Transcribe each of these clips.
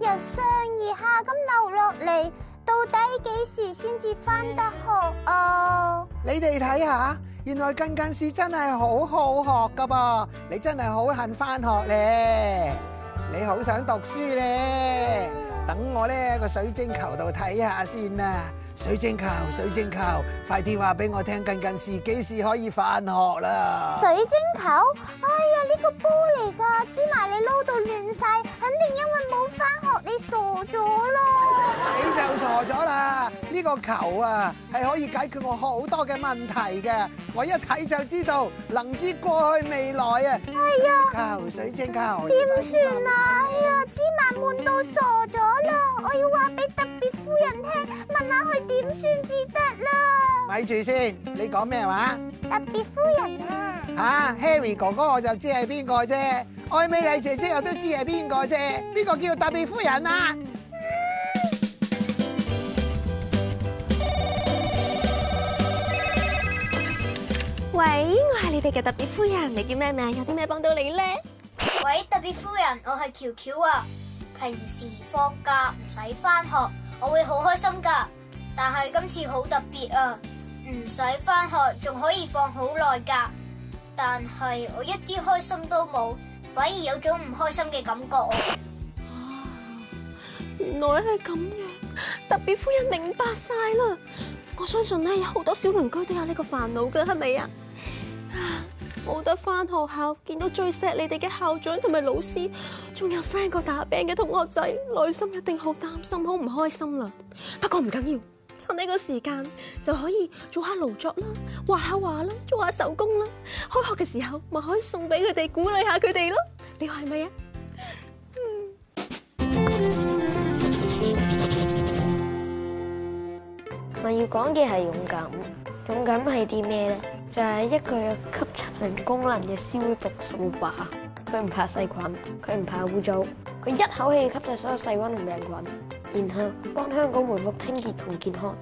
由上而下咁流落嚟，到底幾時先至翻得學啊？你哋睇下，原來近近士真係好好學噶噃，你真係好恨翻學咧，你好想讀書咧，等我咧個水晶球度睇下先啊！水晶球，水晶球，快啲話俾我聽，近近士幾時可以翻學啦？水晶球，哎呀，呢個煲嚟噶，芝埋你撈到亂晒。個球啊，係可以解決我好多嘅問題嘅。我一睇，就知道，能知過去未來啊。哎呀。家水晶家下點算啊？哎呀，芝麻悶到傻咗啦！我要話俾特別夫人聽，問下佢點算至得啦。咪住先，你講咩話？特別夫人啊？吓，ah, Harry 哥哥我就知係邊個啫，愛美麗姐姐我都知係邊個啫，邊個叫特別夫人啊？喂，我係你哋嘅特別夫人，你叫咩名？有啲咩幫到你咧？喂，特別夫人，我係喬喬啊。平時放假唔使翻學，我會好開心噶。但係今次好特別啊，唔使翻學，仲可以放好耐噶。但係我一啲開心都冇，反而有種唔開心嘅感覺。哦，原來係咁嘅，特別夫人明白晒啦。我相信咧，有好多小鄰居都有呢個煩惱噶，係咪啊？冇得翻學校，見到最錫你哋嘅校長同埋老師，仲有 friend 個打餅嘅同學仔，內心一定好擔心、好唔開心啦。不過唔緊要，趁呢個時間就可以做下勞作啦，畫下畫啦，做下手工啦。開學嘅時候，咪可以送俾佢哋鼓勵下佢哋咯。你話係咪啊？嗯我要講嘅係勇敢，勇敢係啲咩咧？就係一個有吸塵功能嘅消毒掃把，佢唔怕細菌，佢唔怕污糟，佢一口氣吸晒所有細菌同病菌，然後幫香港回復清潔同健康。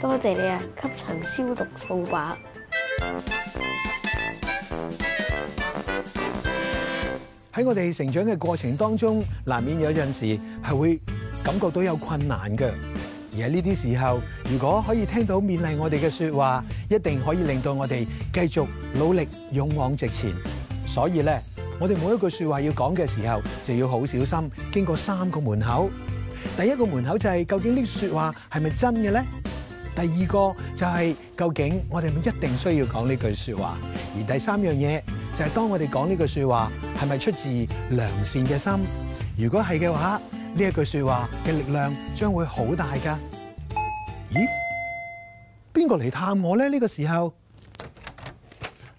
多謝你啊！吸塵消毒掃把。喺我哋成長嘅過程當中，難免有陣時係會感覺到有困難嘅。而喺呢啲時候，如果可以聽到勉勵我哋嘅説話，一定可以令到我哋繼續努力勇往直前。所以咧，我哋每一句説話要講嘅時候，就要好小心。經過三個門口，第一個門口就係究竟呢句説話係咪真嘅咧？第二個就係究竟我哋咪一定需要講呢句説話？而第三樣嘢就係當我哋講呢句説話，係咪出自良善嘅心？如果係嘅話，呢一句説話嘅力量將會好大㗎！咦？邊個嚟探我咧？呢個時候，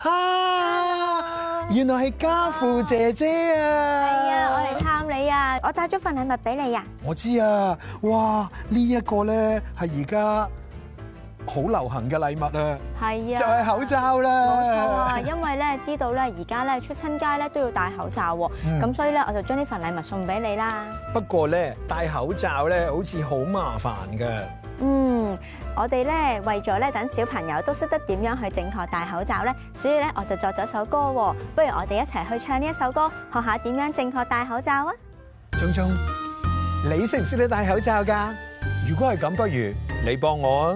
嚇！Hello. 原來係嘉芙姐姐啊！係啊，我嚟探你啊！我帶咗份禮物俾你啊！我知啊！哇！呢一個咧係而家，好流行嘅禮物啊，係啊，就係口罩啦。冇錯啊，因為咧知道咧而家咧出親街咧都要戴口罩，咁、嗯、所以咧我就將呢份禮物送俾你啦。不過咧戴口罩咧好似好麻煩噶。嗯，我哋咧為咗咧等小朋友都識得點樣去正確戴口罩咧，所以咧我就作咗首歌。不如我哋一齊去唱呢一首歌，學下點樣正確戴口罩啊。聰聰，你識唔識得戴口罩噶？如果係咁，不如你幫我啊。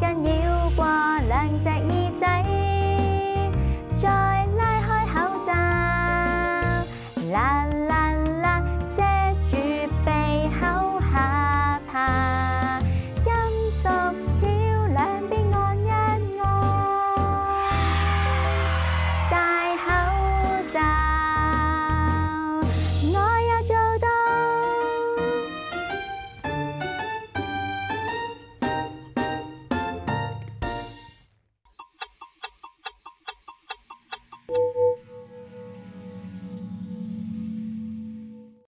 掛兩隻耳仔。